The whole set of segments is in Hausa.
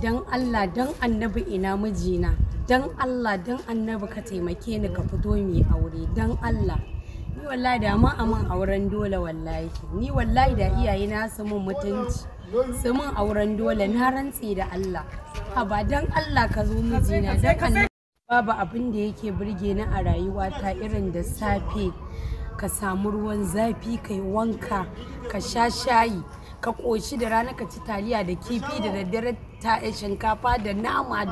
Don Allah don annabi ina mijina don Allah don annabi ka taimake ni ka fito mai aure don Allah. ni wallahi da mun auren dole wallahi ni wallahi da iyaye na su mun mutunci su mun auren dole na rantse da Allah haba dan Allah ka zo mijina dan babu abin da yake burge ni a rayuwa ta irin da safe ka samu ruwan zafi ka wanka ka sha shayi ka ƙoshi da rana ka ci taliya da kifi da daddare ta shinkafa da nama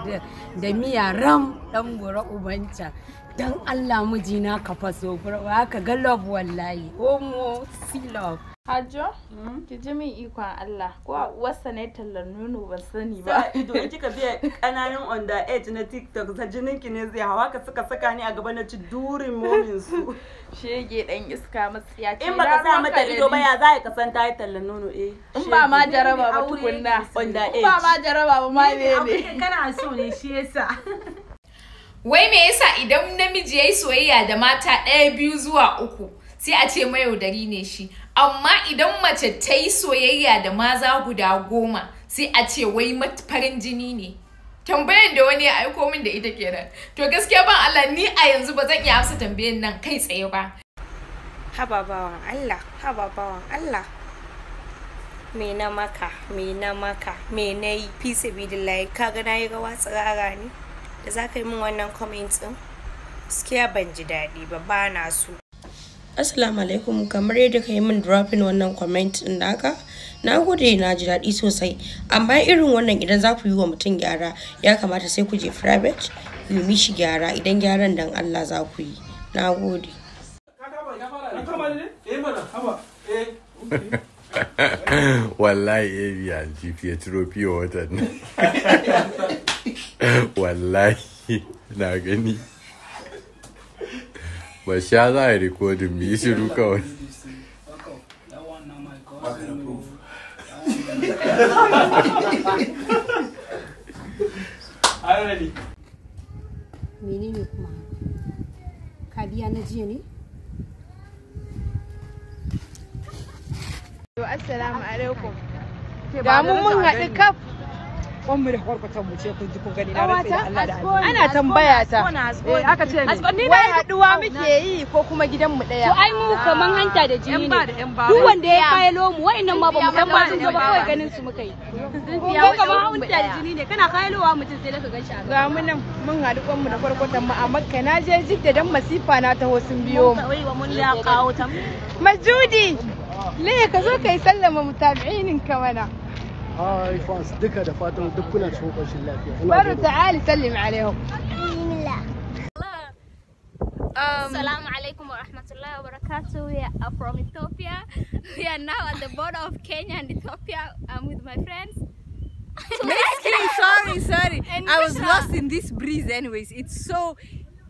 da miya ram dan gora ubanta don Allah mijina ka faso ba ka ga love wallahi homo si love Hajjo, ki ji min ikon Allah, ko wasa ne tallar nono ban sani ba. ido in kika biya kananun on the edge na TikTok, sa ki ne zai hawa ka suka saka ni a gaba na ci durin momin su. Shege dan iska matsiya ce. In baka sa mata ido ba ya za ka san ta yi tallar nono eh. In ba ma jaraba ba tukunna. On the edge. In ba ma jaraba ba ma ne ne. Kana so ne shi yasa. wai me yasa idan namiji yayi soyayya da mata ɗaya biyu zuwa uku sai a ce mayaudari ne shi amma idan mace ta yi soyayya da maza guda goma sai a ce wai farin jini ne tambayan da wani ya aiko min da ita kenan to gaskiya ban Allah ni a yanzu ba zan iya amsa tambayan nan kai tsaye ba hababawan Allah hababawan Allah me na maka me na maka me na fi sabi kaga na yi rawa tsirara ne da za ka yi min wannan comment ɗin gaskiya ban ji daɗi ba ba na so Assalamu alaikum kamar yadda ka yi min dropping wannan comment ɗin naka na gode na ji daɗi sosai amma irin wannan idan za ku yi wa mutum gyara ya kamata sai ku je private ku yi mishi gyara idan gyaran dan Allah za ku yi na gode wallahi ya biya aljifi fiye ciro fiye watan wallahi na gani ba sha za a rikodin mu yi shiru kawai ne kuma kadiya na jiya ne to assalamu alaikum damu mun haɗu kaf kwanmu da kwarkwatan mu ce kun ji kun gani na rantsi da Allah da Allah ana tambaya ta eh, aka ce ni wai haduwa muke yi ko kuma gidan mu daya to ai mu kaman hanta da jini ne duk wanda ya kayalo mu wa'annan ma ba mu san ba sun zo ba kawai ganin su muka yi ko kuma hanta da jini ne kana kayalowa mutum sai ka ganshi a ga mu nan mun haɗu kwanmu da kwarkwatan mu a Makka na je jidda dan masifa na taho sun biyo mu mun ya kawo ta majudi le ka zo kai sallama mutabi'inin ka mana هاي فاس دكا دا فاطمه دك كلنا نشوف وش الله برو تعالي سلم عليهم بسم الله السلام alaikum warahmatullahi wabarakatuh. We are from Ethiopia. We are now at the border of Kenya and Ethiopia. I'm with my friends. sorry, sorry. I was lost in this breeze anyways. It's so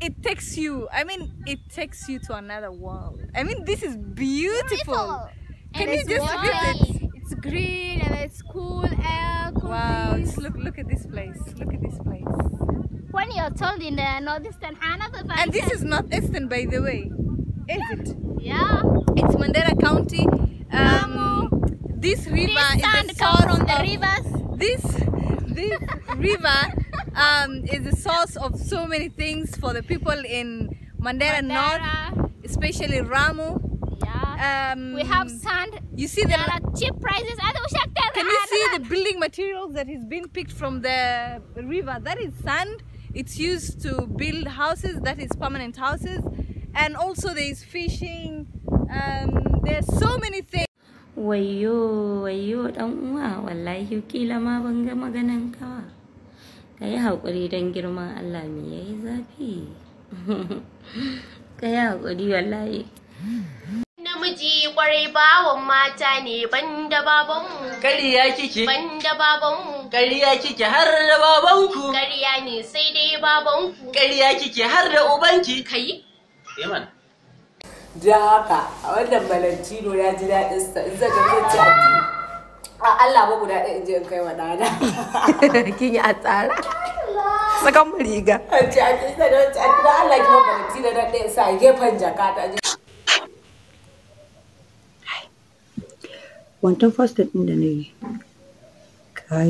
it takes you I mean it takes you to another world. I mean this is beautiful. beautiful. Can and you just visit? it's green and it's cool air. wow, look, look at this place. Look at this place. When you're told in the northeastern And this is northeastern, by the way. Is yeah. it? Yeah. It's Mandera County. Um, this river this sand is the source from the rivers. This, this river um, is the source of so many things for the people in Mandera, Mandera. North, especially Ramu. Um, we have sand. You see there are cheap prices. Can you see the building materials that is being picked from the river? That is sand. It's used to build houses. That is permanent houses. And also there is fishing. Um, are so many things. Wayo, wayo dan uwa, wallahi kila ma ban ga maganan ka. Kai hakuri dan girman Allah me yayi zafi. Kai hakuri wallahi. kwarai bawan mata ne banda babanmu. Ƙarya kike? Banda babanmu. Ƙarya kike har da babanku? Kariya ne sai dai babanku. Ƙarya kike har da ubanki? Kai. Yaman. Eh, da haka a wannan Valentino ya ji daɗin sa in zaka ce ci a Allah ba guda ɗaya in je in kai wa ɗana. Kin yi a tsara? Sakan riga. A ce a ce da Allah ki ma Valentino na ɗaya sa gefen jaka ta wancan posting ɗin da na yi ka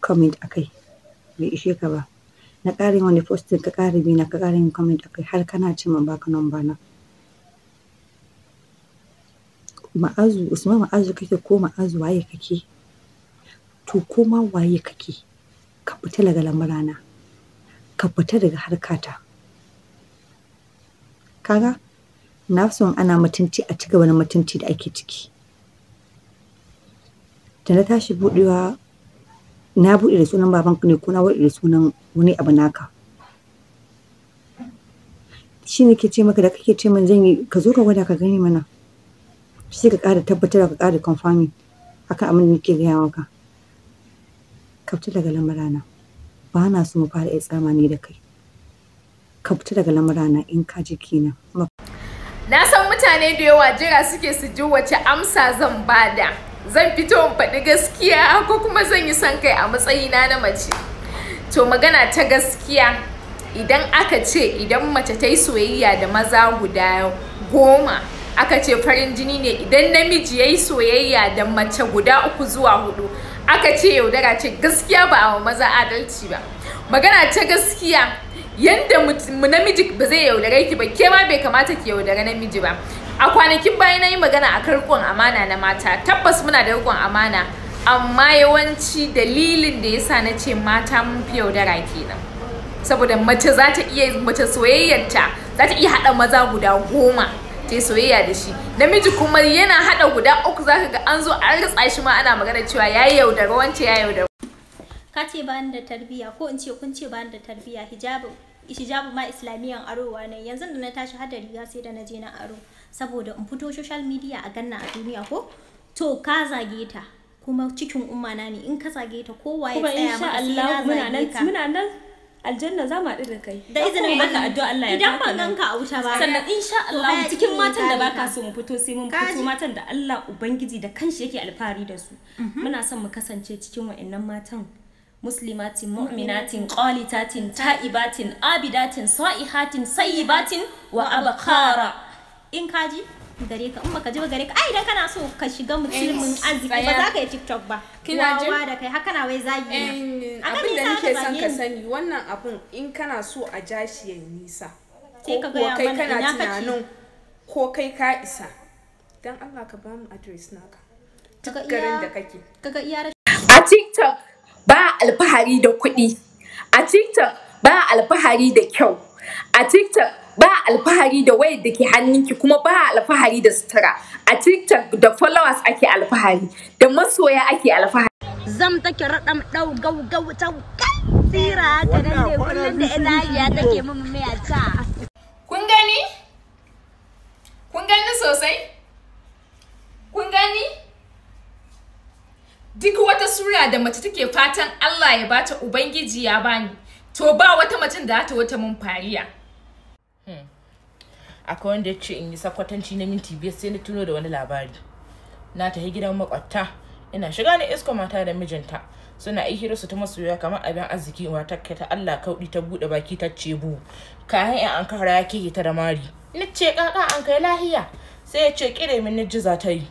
comment a kai bai ishe ka ba na ƙarin wani posting ka ƙara bi na ka ƙara yin comment a kai har kana ce man baka ba na ma'azu usman ma'azu kake ko ma'azu waye kake to ko ma waye kake ka fita daga lamurana ka fita daga harkata kaga na son ana mutunci a ci gaba na mutunci da ake ciki da na tashi buɗewa na buɗe da sunan baban ne ko na buɗe da sunan wani abu naka shi ne ke ce maka da kake ce min zan yi ka zo ka gwada ka gani mana sai ka ƙara tabbatar ka ƙara confirming akan abin da nake gaya maka ka fita daga lamarana ba na so mu fara iya tsamani da kai ka fita daga lamarana in ka ji kina na san mutane da yawa jira suke su ji wace amsa zan bada zan fito in faɗi gaskiya ko kuma zan yi son kai a matsayina na mace to magana ta gaskiya idan aka ce idan mace ta yi soyayya da maza guda goma aka ce farin jini ne idan namiji ya yi soyayya da mace guda uku zuwa hudu aka ce yaudara ce gaskiya ba a maza adalci ba magana ta gaskiya yanda namiji ba zai yaudare ki ba ke ma bai kamata ki yaudare namiji ba a kwanakin bayan na yi magana a karkon amana na mata tabbas muna da riƙon amana amma yawanci dalilin da ya sa na ce mata mun fi yaudara kenan saboda mace za ta iya mace soyayyarta za ta iya haɗa maza guda goma ta soyayya da shi namiji kuma yana haɗa guda uku za ka ga an zo an ritsa shi ma ana magana cewa ya yaudara wance ya yaudara ka ce bani da tarbiyya ko in ce kun ce bani da tarbiyya hijabu ma islamiyan arowa ne yanzu da na tashi hadari ya sai da na je na aro saboda in fito social media a ganna a duniya ko to ka zage ta kuma cikin umma na ne in ka zage ta kowa ya tsaya maka sai na zage ka muna nan aljanna za mu haɗu da kai da izinin Allah addu'a Allah ya idan ban ganka a wuta ba sannan insha Allah cikin matan da baka so mu fito sai mun fito matan da Allah ubangiji da kanshi yake alfahari da su mhm. muna son mu kasance cikin wa'annan matan muslimatin mu'minatin qanitatin ta'ibatin abidatin sa'ihatin sayyibatin wa abqara in kaji gare ka in baka ji ba gare ka ai idan kana so ka shiga mutumin arziki ba za ka yi tiktok ba kina jin da kai haka na wai zagi na abin da nake son ka sani wannan abin in kana so a ja shi yi nisa ko kai kana tunanin ko kai ka isa dan Allah ka bamu address naka duk garin da kake kaga iya a tiktok ba alfahari da kuɗi a tiktok ba alfahari da kyau a tiktok ba alfahari da wayar da ke hannunki kuma ba alfahari da sutura a tiktok da followers ake alfahari da masoya ake alfahari zam take raɗam dau gau gau ta tsira haka nan ne kullum da ilahiya take mun mai ta kun gani kun gani sosai kun gani duk wata sura da mace take fatan Allah ya bata ubangiji ya bani to ba wata macen da ta wata mun fariya akwai wanda ya ce in yi sakwatanci na minti biyar sai na tuno da wani labari na tafi gidan makwatta ina shiga na isko mata da mijinta suna hira su ta masu yawa kamar abin arziki matar kai ta Allah kauɗi ta buɗe baki ta ce bu kayan yan an kara keke ta da mari ni ce kaka an kai lahiya sai ya ce kire min ni za ta yi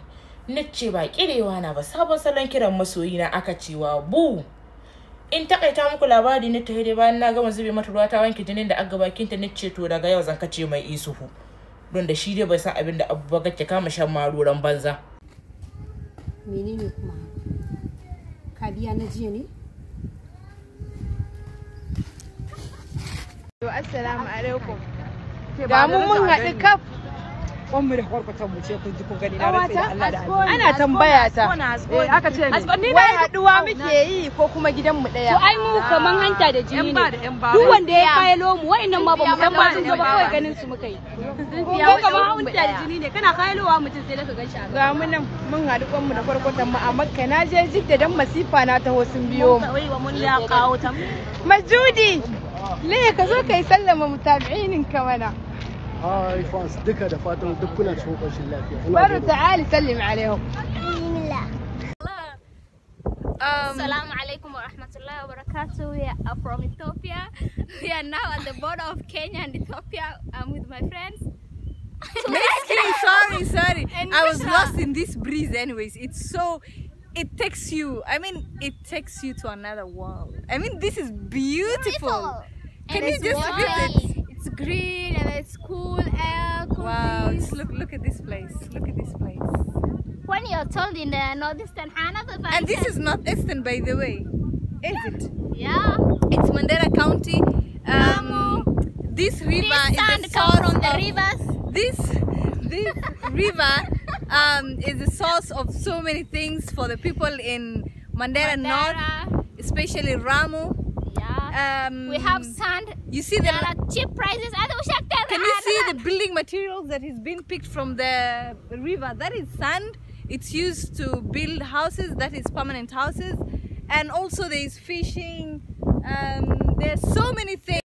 ni ce ba kirewa na ba sabon salon kiran masoyi na aka cewa bu in takaita muku labari na ta dai bayan na gama zube mata ruwa ta wanke jinin da aga bakin ta nace to daga yau zan kace mai isuhu don da shi dai bai san abin da abubakar ke kama shan maruran banza menene kuma ka na jiya ne to assalamu alaikum da mun haɗu kaf kwanmu da kwarkwatan mu ce kun ji kun gani na rantsi da Allah da Allah ana tambaya ta eh, aka ce ni wai haduwa muke yi ko kuma gidan mu daya to ai mu kaman hanta da jini ne duk wanda ya kayalo mu wa'annan ma ba mu san ba sun zo ba kawai ganin su muka yi ko kuma hanta da jini ne kana kayalowa mutum sai daga ganshi a ga mu nan mun haɗu kwanmu da kwarkwatan mu a Makka na je jidda dan masifa na taho sun biyo mu mun ya kawo ta majudi le ka zo kai sallama mutabi'inin ka mana هاي فانس duka da fatan duk kuna cikin ƙoshin lafiya baro ta'ali sallim alaihim bismillah Um, Assalamu alaikum wa rahmatullahi We are from Ethiopia. We are now at the border of Kenya and Ethiopia. I'm with my friends. sorry, sorry. And I was lost in this breeze, anyways. It's so it takes you i mean it takes you to another world i mean this is beautiful, beautiful. can and you just it? it's green and it's cool air. wow, look, look at this place. Look at this place. When you're told in the northeastern And this is northeastern, by the way. Is yeah. it? Yeah. It's Mandera County. Um, this river this sand is the source from the of, rivers. This, this river um, is the source of so many things for the people in Mandera, Mandera. North, especially Ramu. Um, we have sand. You see there the, are cheap prices. Can you see the building materials that is being picked from the river? That is sand. It's used to build houses. That is permanent houses. And also there is fishing. Um, there's so many things.